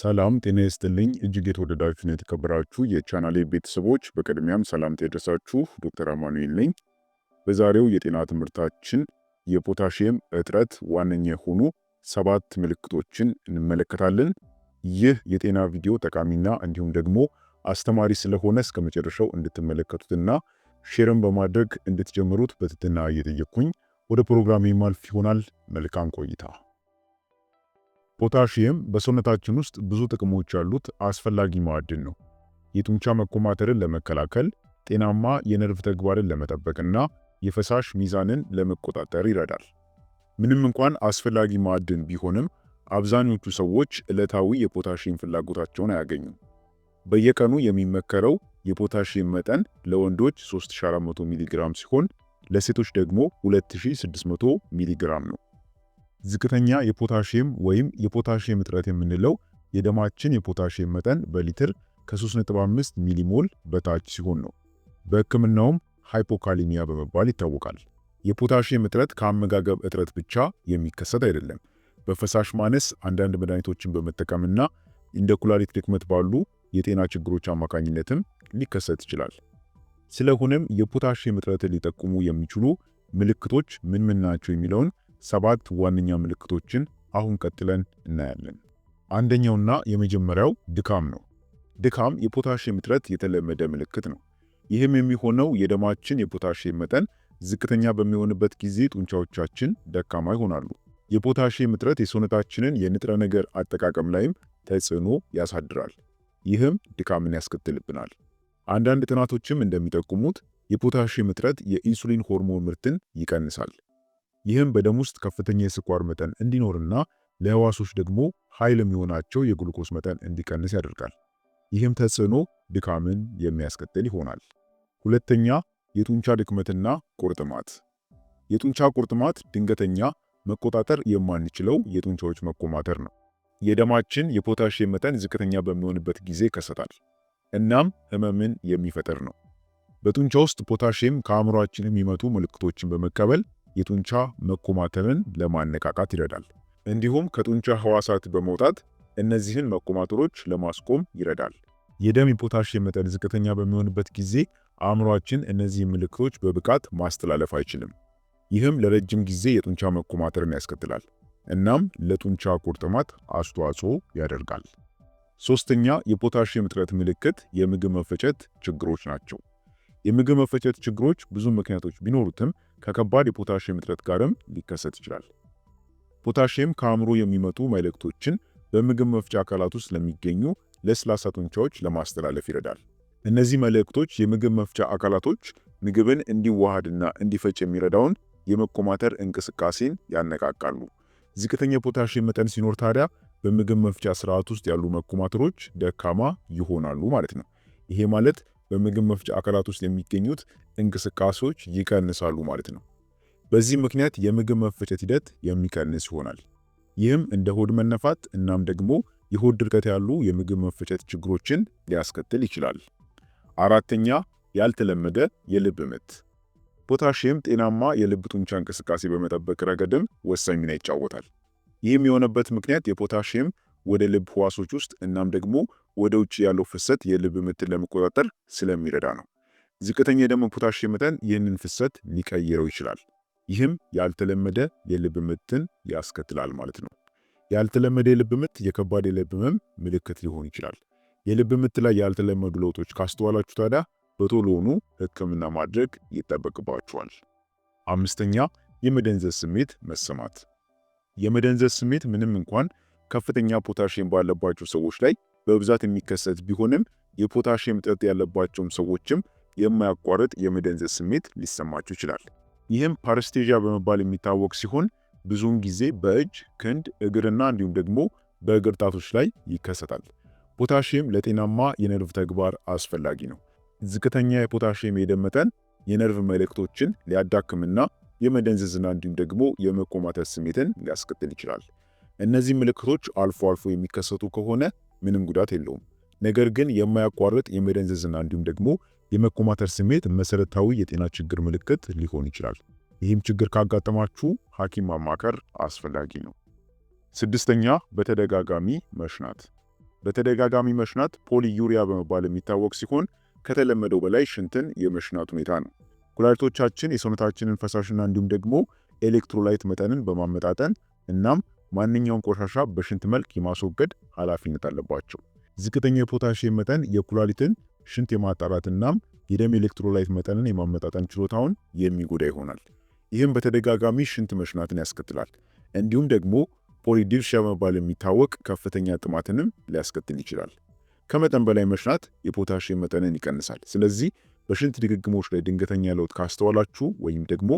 ሰላም ጤና ይስጥልኝ። እጅግ የተወደዳችሁና የተከበራችሁ የቻናሌ ቤተሰቦች በቅድሚያም ሰላምታ ይድረሳችሁ። ዶክተር አማኑኤል ነኝ። በዛሬው የጤና ትምህርታችን የፖታሽየም እጥረት ዋነኛ የሆኑ ሰባት ምልክቶችን እንመለከታለን። ይህ የጤና ቪዲዮ ጠቃሚና እንዲሁም ደግሞ አስተማሪ ስለሆነ እስከ መጨረሻው እንድትመለከቱትና ሼርን በማድረግ እንድትጀምሩት በትህትና እየጠየቅኩኝ ወደ ፕሮግራም የማልፍ ይሆናል። መልካም ቆይታ ፖታሺየም በሰውነታችን ውስጥ ብዙ ጥቅሞች ያሉት አስፈላጊ ማዕድን ነው። የጡንቻ መኮማተርን ለመከላከል፣ ጤናማ የነርቭ ተግባርን ለመጠበቅና የፈሳሽ ሚዛንን ለመቆጣጠር ይረዳል። ምንም እንኳን አስፈላጊ ማዕድን ቢሆንም አብዛኞቹ ሰዎች ዕለታዊ የፖታሺየም ፍላጎታቸውን አያገኙም። በየቀኑ የሚመከረው የፖታሺየም መጠን ለወንዶች 3400 ሚሊ ሲሆን ለሴቶች ደግሞ 2600 ሚሊ ግራም ነው። ዝቅተኛ የፖታሽየም ወይም የፖታሽየም እጥረት የምንለው የደማችን የፖታሽየም መጠን በሊትር ከ3.5 ሚሊሞል በታች ሲሆን ነው። በህክምናውም ሃይፖካሊሚያ በመባል ይታወቃል። የፖታሽየም እጥረት ከአመጋገብ እጥረት ብቻ የሚከሰት አይደለም። በፈሳሽ ማነስ፣ አንዳንድ መድኃኒቶችን በመጠቀምና እንደ ኩላሊት ድክመት ባሉ የጤና ችግሮች አማካኝነትም ሊከሰት ይችላል። ስለሆነም የፖታሽየም እጥረትን ሊጠቁሙ የሚችሉ ምልክቶች ምን ምን ናቸው የሚለውን ሰባት ዋነኛ ምልክቶችን አሁን ቀጥለን እናያለን። አንደኛውና የመጀመሪያው ድካም ነው። ድካም የፖታሽየም እጥረት የተለመደ ምልክት ነው። ይህም የሚሆነው የደማችን የፖታሽየም መጠን ዝቅተኛ በሚሆንበት ጊዜ ጡንቻዎቻችን ደካማ ይሆናሉ። የፖታሽየም እጥረት የሰውነታችንን የንጥረ ነገር አጠቃቀም ላይም ተጽዕኖ ያሳድራል። ይህም ድካምን ያስከትልብናል። አንዳንድ ጥናቶችም እንደሚጠቁሙት የፖታሽየም እጥረት የኢንሱሊን ሆርሞን ምርትን ይቀንሳል። ይህም በደም ውስጥ ከፍተኛ የስኳር መጠን እንዲኖርና ለህዋሶች ደግሞ ኃይል የሚሆናቸው የግሉኮስ መጠን እንዲቀንስ ያደርጋል። ይህም ተጽዕኖ ድካምን የሚያስከትል ይሆናል። ሁለተኛ፣ የጡንቻ ድክመትና ቁርጥማት። የጡንቻ ቁርጥማት ድንገተኛ፣ መቆጣጠር የማንችለው የጡንቻዎች መቆማተር ነው። የደማችን የፖታሽየም መጠን ዝቅተኛ በሚሆንበት ጊዜ ይከሰታል። እናም ህመምን የሚፈጥር ነው። በጡንቻ ውስጥ ፖታሽየም ከአእምሯችን የሚመቱ ምልክቶችን በመቀበል የጡንቻ መኮማተርን ለማነቃቃት ይረዳል። እንዲሁም ከጡንቻ ህዋሳት በመውጣት እነዚህን መኮማተሮች ለማስቆም ይረዳል። የደም የፖታሽየም መጠን ዝቅተኛ በሚሆንበት ጊዜ አእምሯችን እነዚህ ምልክቶች በብቃት ማስተላለፍ አይችልም። ይህም ለረጅም ጊዜ የጡንቻ መኮማተርን ያስከትላል፣ እናም ለጡንቻ ቁርጥማት አስተዋጽኦ ያደርጋል። ሶስተኛ የፖታሽየም እጥረት ምልክት የምግብ መፈጨት ችግሮች ናቸው። የምግብ መፈጨት ችግሮች ብዙ ምክንያቶች ቢኖሩትም ከከባድ የፖታሽየም እጥረት ጋርም ሊከሰት ይችላል። ፖታሽየም ከአእምሮ የሚመጡ መልእክቶችን በምግብ መፍጫ አካላት ውስጥ ለሚገኙ ለስላሳ ጡንቻዎች ለማስተላለፍ ይረዳል። እነዚህ መልእክቶች የምግብ መፍጫ አካላቶች ምግብን እንዲዋሃድና እንዲፈጭ የሚረዳውን የመቆማተር እንቅስቃሴን ያነቃቃሉ። ዝቅተኛ ፖታሽየም መጠን ሲኖር ታዲያ በምግብ መፍጫ ስርዓት ውስጥ ያሉ መቆማተሮች ደካማ ይሆናሉ ማለት ነው። ይሄ ማለት በምግብ መፍጫ አካላት ውስጥ የሚገኙት እንቅስቃሴዎች ይቀንሳሉ ማለት ነው። በዚህ ምክንያት የምግብ መፈጨት ሂደት የሚቀንስ ይሆናል። ይህም እንደ ሆድ መነፋት እናም ደግሞ የሆድ ድርቀት ያሉ የምግብ መፈጨት ችግሮችን ሊያስከትል ይችላል። አራተኛ ያልተለመደ የልብ ምት። ፖታሽየም ጤናማ የልብ ጡንቻ እንቅስቃሴ በመጠበቅ ረገድም ወሳኝ ሚና ይጫወታል። ይህም የሆነበት ምክንያት የፖታሽየም ወደ ልብ ህዋሶች ውስጥ እናም ደግሞ ወደ ውጭ ያለው ፍሰት የልብ ምትን ለመቆጣጠር ስለሚረዳ ነው። ዝቅተኛ የደም ፖታሽየም መጠን ይህንን ፍሰት ሊቀይረው ይችላል። ይህም ያልተለመደ የልብ ምትን ያስከትላል ማለት ነው። ያልተለመደ የልብ ምት የከባድ የልብ ህመም ምልክት ሊሆን ይችላል። የልብ ምት ላይ ያልተለመዱ ለውጦች ካስተዋላችሁ ታዲያ በቶሎኑ ሕክምና ማድረግ ይጠበቅባችኋል። አምስተኛ የመደንዘዝ ስሜት መሰማት። የመደንዘዝ ስሜት ምንም እንኳን ከፍተኛ ፖታሽየም ባለባቸው ሰዎች ላይ በብዛት የሚከሰት ቢሆንም የፖታሽየም እጥረት ያለባቸውም ሰዎችም የማያቋርጥ የመደንዘዝ ስሜት ሊሰማቸው ይችላል። ይህም ፓረስቴዣ በመባል የሚታወቅ ሲሆን ብዙውን ጊዜ በእጅ ክንድ፣ እግርና እንዲሁም ደግሞ በእግር ጣቶች ላይ ይከሰታል። ፖታሽየም ለጤናማ የነርቭ ተግባር አስፈላጊ ነው። ዝቅተኛ የፖታሽየም የደም መጠን የነርቭ መልእክቶችን ሊያዳክምና የመደንዘዝና እንዲሁም ደግሞ የመቆማተት ስሜትን ሊያስከትል ይችላል። እነዚህ ምልክቶች አልፎ አልፎ የሚከሰቱ ከሆነ ምንም ጉዳት የለውም። ነገር ግን የማያቋርጥ የመደንዘዝና እንዲሁም ደግሞ የመኮማተር ስሜት መሰረታዊ የጤና ችግር ምልክት ሊሆን ይችላል። ይህም ችግር ካጋጠማችሁ ሐኪም ማማከር አስፈላጊ ነው። ስድስተኛ በተደጋጋሚ መሽናት። በተደጋጋሚ መሽናት ፖሊዩሪያ በመባል የሚታወቅ ሲሆን ከተለመደው በላይ ሽንትን የመሽናት ሁኔታ ነው። ኩላሊቶቻችን የሰውነታችንን ፈሳሽና እንዲሁም ደግሞ ኤሌክትሮላይት መጠንን በማመጣጠን እናም ማንኛውም ቆሻሻ በሽንት መልክ የማስወገድ ኃላፊነት አለባቸው። ዝቅተኛ የፖታሽየም መጠን የኩላሊትን ሽንት የማጣራት የደም ኤሌክትሮላይት መጠንን የማመጣጠን ችሎታውን የሚጎዳ ይሆናል። ይህም በተደጋጋሚ ሽንት መሽናትን ያስከትላል። እንዲሁም ደግሞ ፖሊዲፕሺያ በመባል የሚታወቅ ከፍተኛ ጥማትንም ሊያስከትል ይችላል። ከመጠን በላይ መሽናት የፖታሽየም መጠንን ይቀንሳል። ስለዚህ በሽንት ድግግሞች ላይ ድንገተኛ ለውጥ ካስተዋላችሁ ወይም ደግሞ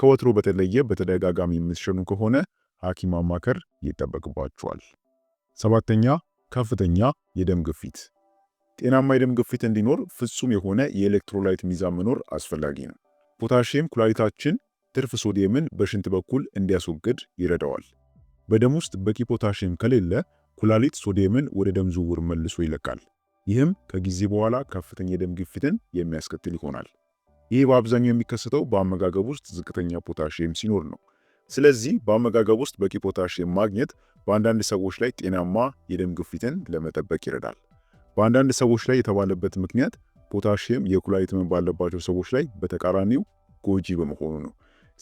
ከወትሮ በተለየ በተደጋጋሚ የምትሸኑ ከሆነ ሐኪም ማማከር ይጠበቅባቸዋል። ሰባተኛ ከፍተኛ የደም ግፊት። ጤናማ የደም ግፊት እንዲኖር ፍጹም የሆነ የኤሌክትሮላይት ሚዛን መኖር አስፈላጊ ነው። ፖታሺየም ኩላሊታችን ትርፍ ሶዲየምን በሽንት በኩል እንዲያስወግድ ይረዳዋል። በደም ውስጥ በቂ ፖታሺየም ከሌለ ኩላሊት ሶዲየምን ወደ ደም ዝውውር መልሶ ይለቃል። ይህም ከጊዜ በኋላ ከፍተኛ የደም ግፊትን የሚያስከትል ይሆናል። ይህ በአብዛኛው የሚከሰተው በአመጋገብ ውስጥ ዝቅተኛ ፖታሺየም ሲኖር ነው። ስለዚህ በአመጋገብ ውስጥ በቂ ፖታሽየም ማግኘት በአንዳንድ ሰዎች ላይ ጤናማ የደም ግፊትን ለመጠበቅ ይረዳል። በአንዳንድ ሰዎች ላይ የተባለበት ምክንያት ፖታሽየም የኩላሊት ህመም ባለባቸው ሰዎች ላይ በተቃራኒው ጎጂ በመሆኑ ነው።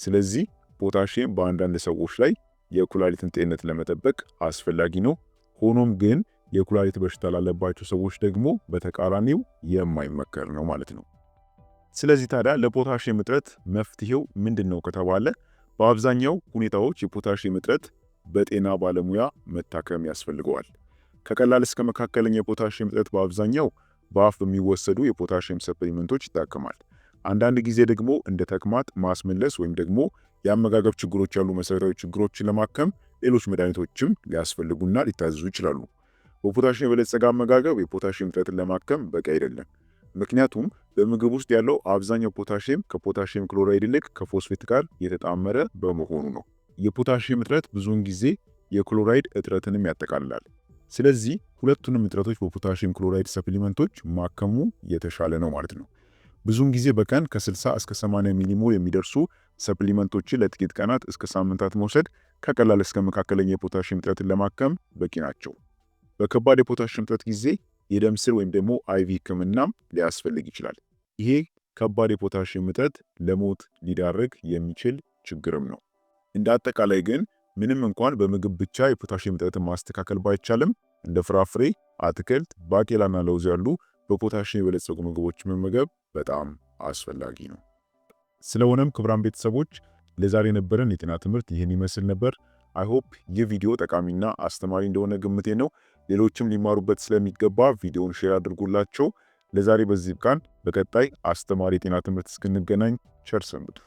ስለዚህ ፖታሽየም በአንዳንድ ሰዎች ላይ የኩላሊትን ጤንነት ለመጠበቅ አስፈላጊ ነው። ሆኖም ግን የኩላሊት በሽታ ላለባቸው ሰዎች ደግሞ በተቃራኒው የማይመከር ነው ማለት ነው። ስለዚህ ታዲያ ለፖታሽየም እጥረት መፍትሄው ምንድን ነው ከተባለ በአብዛኛው ሁኔታዎች የፖታሽየም እጥረት በጤና ባለሙያ መታከም ያስፈልገዋል። ከቀላል እስከ መካከለኛ የፖታሽየም እጥረት በአብዛኛው በአፍ በሚወሰዱ የፖታሽየም ሰፕሊመንቶች ይታከማል። አንዳንድ ጊዜ ደግሞ እንደ ተቅማጥ፣ ማስመለስ ወይም ደግሞ የአመጋገብ ችግሮች ያሉ መሰረታዊ ችግሮችን ለማከም ሌሎች መድኃኒቶችም ሊያስፈልጉና ሊታዘዙ ይችላሉ። በፖታሽየም የበለጸገ አመጋገብ የፖታሽየም እጥረትን ለማከም በቂ አይደለም። ምክንያቱም በምግብ ውስጥ ያለው አብዛኛው ፖታሽየም ከፖታሽየም ክሎራይድ ይልቅ ከፎስፌት ጋር የተጣመረ በመሆኑ ነው። የፖታሽየም እጥረት ብዙውን ጊዜ የክሎራይድ እጥረትንም ያጠቃልላል። ስለዚህ ሁለቱንም እጥረቶች በፖታሽየም ክሎራይድ ሰፕሊመንቶች ማከሙ የተሻለ ነው ማለት ነው። ብዙውን ጊዜ በቀን ከ60 እስከ 80 ሚሊሞል የሚደርሱ ሰፕሊመንቶችን ለጥቂት ቀናት እስከ ሳምንታት መውሰድ ከቀላል እስከ መካከለኛ የፖታሽየም እጥረትን ለማከም በቂ ናቸው። በከባድ የፖታሽየም እጥረት ጊዜ የደም ስር ወይም ደግሞ አይቪ ህክምናም ሊያስፈልግ ይችላል። ይሄ ከባድ የፖታሽየም እጥረት ለሞት ሊዳርግ የሚችል ችግርም ነው። እንደ አጠቃላይ ግን ምንም እንኳን በምግብ ብቻ የፖታሽየም እጥረትን ማስተካከል ባይቻልም እንደ ፍራፍሬ፣ አትክልት፣ ባቄላና ለውዝ ያሉ በፖታሽየም የበለጸጉ ምግቦች መመገብ በጣም አስፈላጊ ነው። ስለሆነም ክቡራን ቤተሰቦች ለዛሬ የነበረን የጤና ትምህርት ይህን ይመስል ነበር። አይሆፕ ይህ ቪዲዮ ጠቃሚና አስተማሪ እንደሆነ ግምቴ ነው። ሌሎችም ሊማሩበት ስለሚገባ ቪዲዮውን ሼር አድርጉላቸው። ለዛሬ በዚህ ብቃን። በቀጣይ አስተማሪ የጤና ትምህርት እስክንገናኝ ቸር ሰንብቱ።